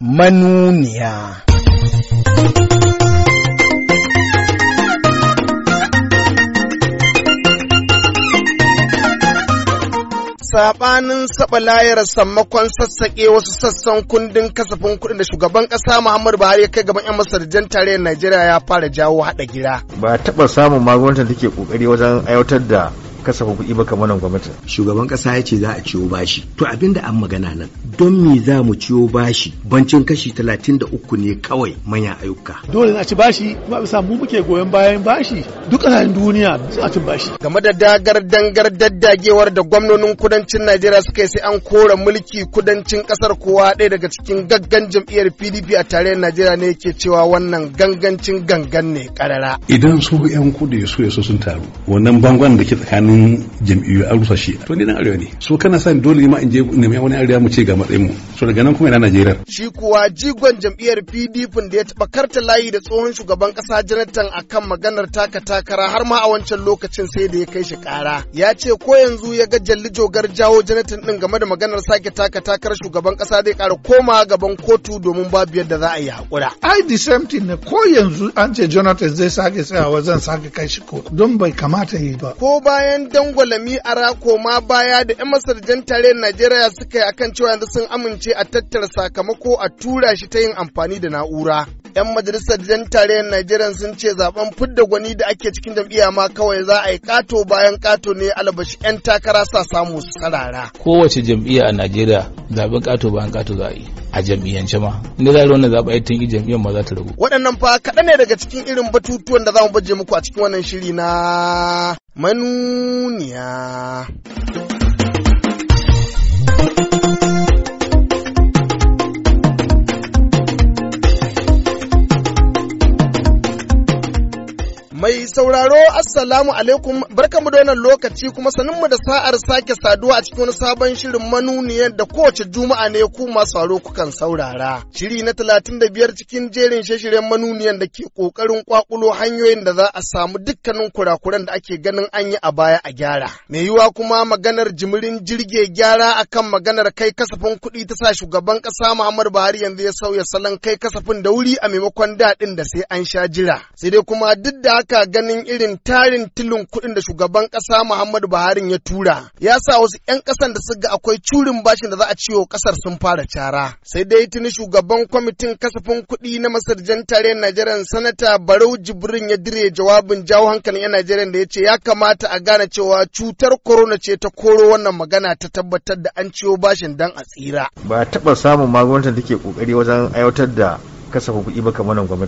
manuniya. Saɓanin saba layar sammakon sassaƙe wasu sassan kundin kasafin kuɗi da shugaban ƙasa Muhammadu Buhari ya kai gaban 'yan masarjan tarayyar Najeriya ya fara jawo haɗa gira. Ba taɓa samun da take ƙoƙari wajen aiwatar da kasafin kuɗi ba kamar nan gwamnati shugaban kasa ya ce za a ciwo bashi to abin da an magana nan don me za mu ciwo bashi bancin kashi talatin da uku ne kawai manyan ayyuka dole na ci bashi kuma bisa mu muke goyon bayan bashi duk ƙasashen duniya a ci bashi game da dagar dangar daddagewar da gwamnonin kudancin Najeriya suka yi sai an kora mulki kudancin kasar kowa ɗaya daga cikin gaggan jam'iyyar PDP a tarayyar Najeriya ne yake cewa wannan gangancin gangan ne karara idan su 'yan kudu su sun taru wannan bangon da ke tsakanin jam'iyyu a rusa shi to ni dan arewa ne so kana sa dole ma in je nemi wani arewa mu ce ga matsayin mu so daga nan kuma ina najeriya shi kuwa jigon jam'iyyar pdp da ya taɓa karta layi da tsohon shugaban ƙasa jonathan akan maganar taka takara har ma a wancan lokacin sai da ya kai shi ƙara ya ce ko yanzu ya ga Jogar jawo jonathan ɗin game da maganar sake taka takarar shugaban ƙasa zai ƙara koma gaban kotu domin babu yadda za a yi haƙura ai the same thing ne ko yanzu an ce jonathan zai sake tsayawa zan sake kai shi kotu don bai kamata yi ba ko bayan dangwalami a rako ma baya da 'yan masarjan tare najeriya suka yi akan cewa yanzu sun amince ce a tattara sakamako a tura shi ta yin amfani da na'ura. 'Yan majalisar jan tarayyar Najeriya sun ce zaben fidda gwani da ake cikin jam'iyya ma kawai za a yi kato bayan kato ne albashi 'yan takara sa samu su sarara. Kowace jam'iyya a Najeriya zaben kato bayan kato za a yi. a jam'iyyance ma inda za a wannan zaɓa tun jam'iyyar ma za ta ragu. Waɗannan fa kaɗan ne daga cikin irin batutuwan da za mu baje muku a cikin wannan shiri na manuniya. Mai sauraro Assalamu alaikum barkamu da wannan lokaci kuma saninmu da sa'ar sake saduwa a cikin wani sabon shirin manuniyar da kowace juma'a ne ku masu kukan saurara. Shiri na talatin da biyar cikin jerin shirin manuniyar da ke kokarin kwakulo hanyoyin da za a samu dukkanin kurakuran da ake ganin an yi a baya a gyara. Mai yiwa kuma maganar jimirin jirge gyara akan maganar kai kasafin kuɗi ta sa shugaban ƙasa Muhammadu Buhari yanzu ya sauya salon kai kasafin da wuri a maimakon daɗin da sai an sha jira. Sai dai kuma duk da haka Najeriya ganin irin tarin tilin kuɗin da shugaban ƙasa Muhammadu Buhari ya tura. Ya sa wasu 'yan ƙasan da suka akwai curin bashin da za a ciwo ƙasar sun fara cara. Sai dai tuni shugaban kwamitin kasafin kuɗi na masarjan tare Najeriya sanata Barau Jibrin ya dire jawabin jawo hankalin 'yan Najeriya da ya ce ya kamata a gane cewa cutar korona ce ta koro wannan magana ta tabbatar da an ciwo bashin dan a tsira. Ba a taɓa samun magungunan take ƙoƙari wajen aiwatar da kasafin kuɗi ba kamar nan Ba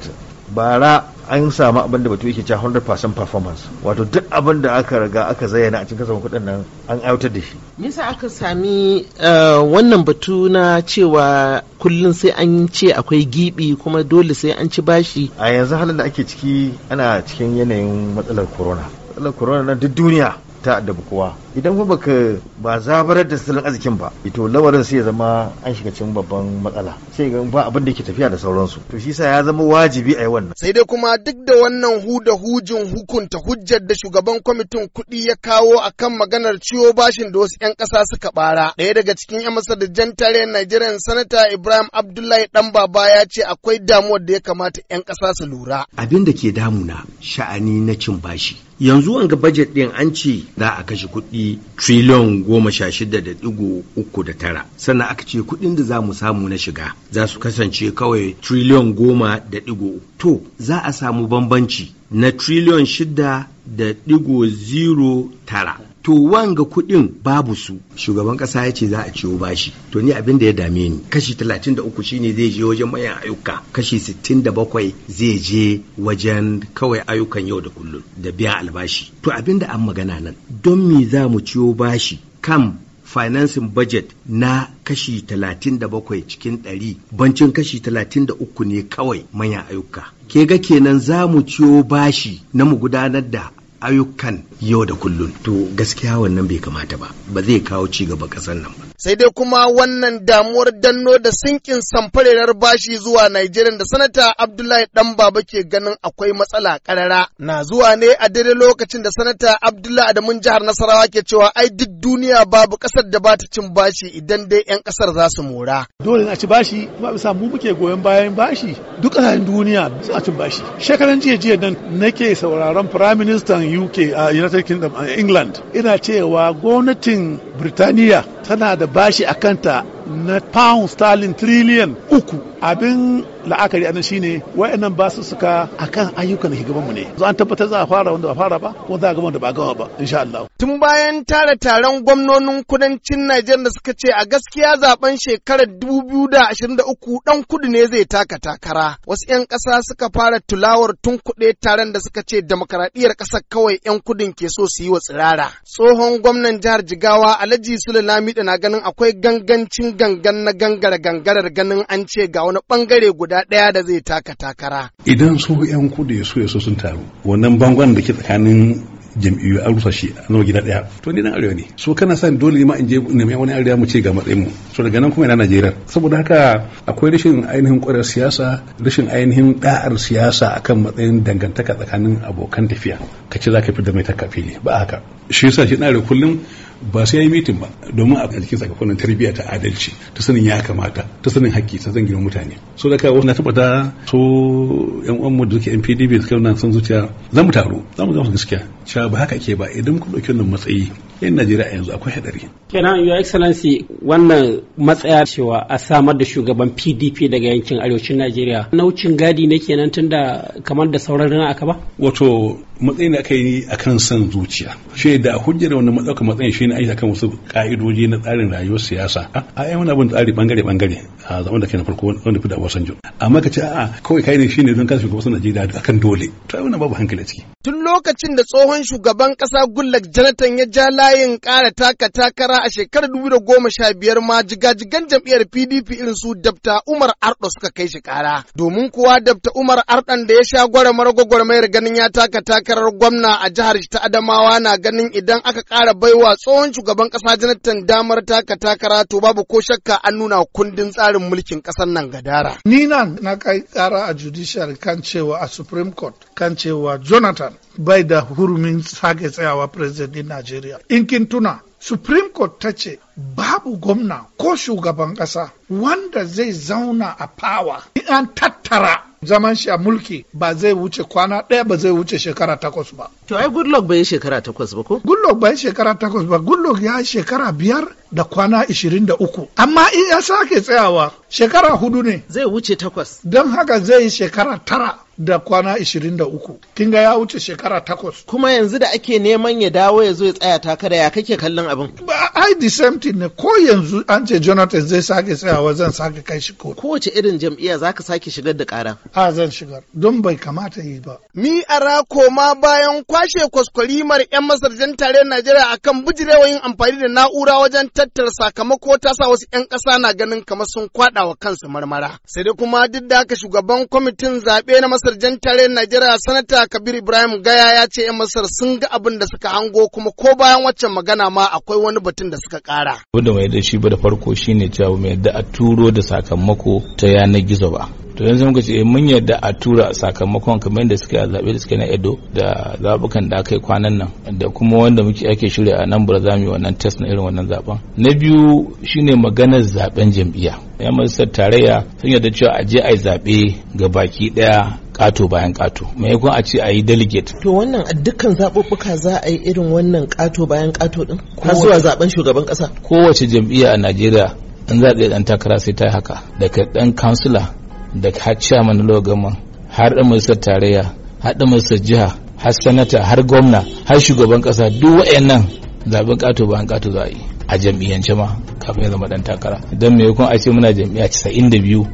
bara an samu abin da batu yake cewa 100% performance wato duk abin da aka riga aka zayyana a cikin kasafin kuɗin nan an aiwatar da shi me yasa aka sami eh, wannan batu na cewa kullum sai an ce akwai gibi kuma dole sai an ci bashi a yanzu halin da ake ciki ana cikin yanayin matsalar corona matsalar corona na duk duniya ta addabi kowa idan fa baka ba zabarar da tattalin arzikin ba ito lamarin sai ya zama an shiga cikin babban matsala sai ga ba abin da ke tafiya da sauransu to shi sa ya zama wajibi a yi wannan sai dai kuma duk da wannan huda hujin hukunta hujjar da shugaban kwamitin kuɗi ya kawo akan maganar ciwo bashin da wasu 'yan ƙasa suka bara ɗaya daga cikin 'yan masadajen tarayyar Najeriya sanata Ibrahim Abdullahi dan baba ya ce akwai damuwar da ya kamata 'yan ƙasa su lura abin da ke damuna sha'ani na cin bashi yanzu an ga bajet ɗin an ce za a kashe kuɗi kuɗi triliyon goma sha shida da digo uku da tara sannan aka ce kuɗin da za mu samu na shiga za su kasance kawai triliyon goma da digo to za a samu bambanci na triliyon shida da digo zero tara to wanga kuɗin babu su shugaban ƙasa ya ce za a ciwo bashi to ni abin da ya dame ni kashi 33 shine zai je wajen mayan ayyuka kashi 67 zai je wajen kawai ayyukan yau da kullum da biyan albashi to abin da an magana nan don me za mu ciwo bashi kam financing budget na kashi 37 cikin 100 bancin kashi 33 ne kawai manyan ayyuka ke ga kenan za mu ciyo bashi na mu gudanar da ayyukan yau da kullum to gaskiya wannan bai kamata ba ba zai kawo ci gaba ƙasar nan ba sai dai kuma wannan damuwar danno da sinkin samfarerar bashi zuwa Najeriya da sanata Abdullahi dan baba ke ganin akwai matsala karara na zuwa ne a daidai lokacin da sanata Abdullahi Adamun jihar Nasarawa ke cewa ai duk duniya babu kasar da ba ta cin bashi idan dai 'yan kasar za su mora. Dole na ci bashi kuma bisa mu muke goyon bayan bashi duk kasashen duniya suna cin bashi. Shekaran jiya jiya dan nake sauraron Prime Minister UK a United Kingdom a England ina cewa gwamnatin Birtaniya tana da bashi a kanta na pound sterling trillion uku abin la'akari anan shine wayannan ba su suka akan ayyukan hikimanmu ne zo an tabbatar za a fara wanda ba fara ba ko za a gama da ba gama ba insha Allah tun bayan tara taron gwamnonin kudancin Najeriya da suka ce a gaskiya zaben shekarar 2023 dan kudu ne zai taka takara wasu 'yan kasa suka fara tulawar tun kuɗe taron da suka ce demokaradiyyar ƙasar kawai 'yan kudin ke so su yi wa tsirara tsohon gwamnan jihar Jigawa Alhaji Sule Lamido na ganin akwai gangancin gangan na gangara gangarar ganin an ce ga wani bangare guda ɗaya da zai taka takara. Idan su 'yan kudu ya so ya so sun taru wannan bangon da ke tsakanin jam'iyyu an rusa shi a nawa gida daya to ni dan arewa ne so kana san dole ne ma in je neman wani arewa mu ce ga matsayin mu so daga nan kuma ina Najeriya saboda haka akwai rashin ainihin ƙwarar siyasa rashin ainihin da'ar siyasa akan matsayin dangantaka tsakanin abokan tafiya ka ce zaka fi da mai takafili ba haka shi yasa shi dan arewa kullum ba su ya yi mitin ba domin a cikin sakamakon tarbiyya ta adalci ta sanin ya kamata ta sanin haƙƙi ta zan gina mutane so da kawo na tabbata so yan uwan mu da suke PDP nan san zuciya za mu taro za mu zama gaskiya cewa ba haka ke ba idan ku ɗauki wannan matsayi yan Najeriya a yanzu akwai hadari kenan your excellency wannan matsaya cewa a samar da shugaban PDP daga yankin arewacin Najeriya naucin gadi ne kenan tunda kamar da sauran rana aka ba wato matsayin da aka yi akan san zuciya shi da hujjar wannan matsayin matsayin shi na aiki kan wasu ka'idoji na tsarin rayuwar siyasa a ai wani abin tsari bangare bangare a zaman da ke na farko wanda fida Obasanjo amma ka ce a'a kawai kai ne shine don kashe shugaban Najeriya akan dole to ai wannan babu hankali ciki tun lokacin da tsohon shugaban kasa Goodluck Jonathan ya ja layin kara taka takara a shekarar 2015 ma jigajigan jam'iyyar PDP irin su Dr. Umar Ardo suka kai shi kara domin kuwa Dr. Umar Ardan da ya sha gwaramar mayar ganin ya taka takarar gwamna a jihar ta Adamawa na ganin idan aka kara baiwa tsohon shugaban kasa Jonathan damar taka takara to babu ko shakka an nuna kundin tsarin tsarin mulkin ƙasar nan gadara. Ni nan na kai ƙara a judiciary kan cewa a Supreme Court kan cewa Jonathan bai da hurumin sake tsayawa president din Najeriya. In kin tuna Supreme Court ta ce babu gwamna ko shugaban ƙasa wanda zai zauna a power in an tattara zaman shi a mulki ba zai wuce kwana ɗaya ba zai wuce shekara takwas ba. To ai Goodluck bai shekara takwas ba ko? Goodluck bai shekara takwas ba Goodluck ya yi shekara biyar da kwana ishirin da uku amma in ya sake tsayawa shekara hudu ne. Zai wuce takwas. Don haka zai yi shekara tara da kwana 23 kin ga ya wuce shekara takwas kuma yanzu da ake neman ya dawo ya zo ya tsaya takara ya kake kallon abin Ba the same thing ne ko yanzu an ce jonathan zai sake tsayawa zan sake kai shi kotu kowace irin jam'iyya zaka sake shigar da kara a zan shigar don bai kamata yi ba mi ara koma bayan kwashe kwaskwarimar yan masarjan tare najeriya akan bijirewa yin amfani da na'ura wajen tattara sakamako ta sa wasu yan ƙasa na ganin kamar sun kwaɗa wa kansu marmara sai dai kuma duk da haka shugaban kwamitin zaɓe na masar majalisar tarayyar Najeriya sanata Kabir Ibrahim Gaya ya ce 'yan Masar sun ga abin da suka hango kuma ko bayan waccan magana ma akwai wani batun da suka kara. Abin da mai da shi ba da farko shine cewa mai da a turo da sakamako ta yanar gizo ba. to yanzu muka ce eh, mun yarda a tura sakamakon kamar da suka zaɓe da suke na edo da zaɓukan da aka yi kwanan nan da kuma wanda muke ake shirya a nan bura zamu yi wannan test na irin wannan zaɓen na biyu shine maganar zaɓen jam'iyya yan majalisar tarayya sun yarda cewa a je a yi zaɓe ga baki ɗaya kato bayan kato maimakon a ce a yi delegate to wannan a dukkan zaɓuɓɓuka za a yi irin wannan kato bayan kato din har zaɓen shugaban ƙasa kowace jam'iyya a najeriya in za a ɗan takara sai ta yi haka daga ɗan kansila da har chairman na har da musa tarayya har da musa jiha har sanata har gwamna har shugaban ƙasa duk wayannan zaben kato ba an kato za a yi a jam'iyyance ma kafin ya zama ɗan takara don me kun a ce muna jam'iyya 92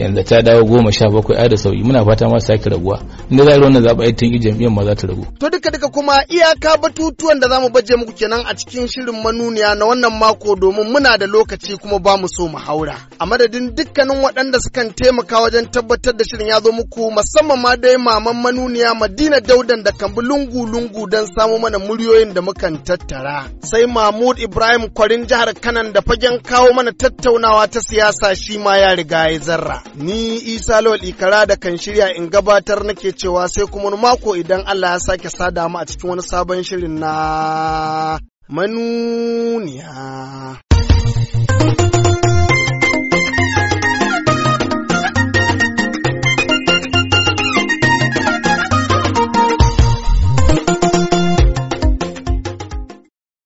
yanzu ta dawo goma sha bakwai a da sauyi muna fata ma sake raguwa inda za a wannan zaɓa tun jam'iyyar ma za ta ragu. to duka duka kuma iyaka batutuwan da zamu mu baje muku kenan a cikin shirin manuniya na wannan mako domin muna da lokaci kuma ba mu so mu haura a madadin dukkanin waɗanda sukan taimaka wajen tabbatar da shirin ya zo muku musamman ma dai maman manuniya madina daudan da kan bi lungu lungu don samo mana muryoyin da mukan tattara sai mahmud ibrahim kwarin jihar kanan da fagen kawo mana tattaunawa ta siyasa shi ma ya riga ya zarra Ni Isa Lawal Ikara da kan shirya in gabatar nake cewa sai kuma mako idan Allah ya sake sada mu a cikin wani sabon shirin na manuniya.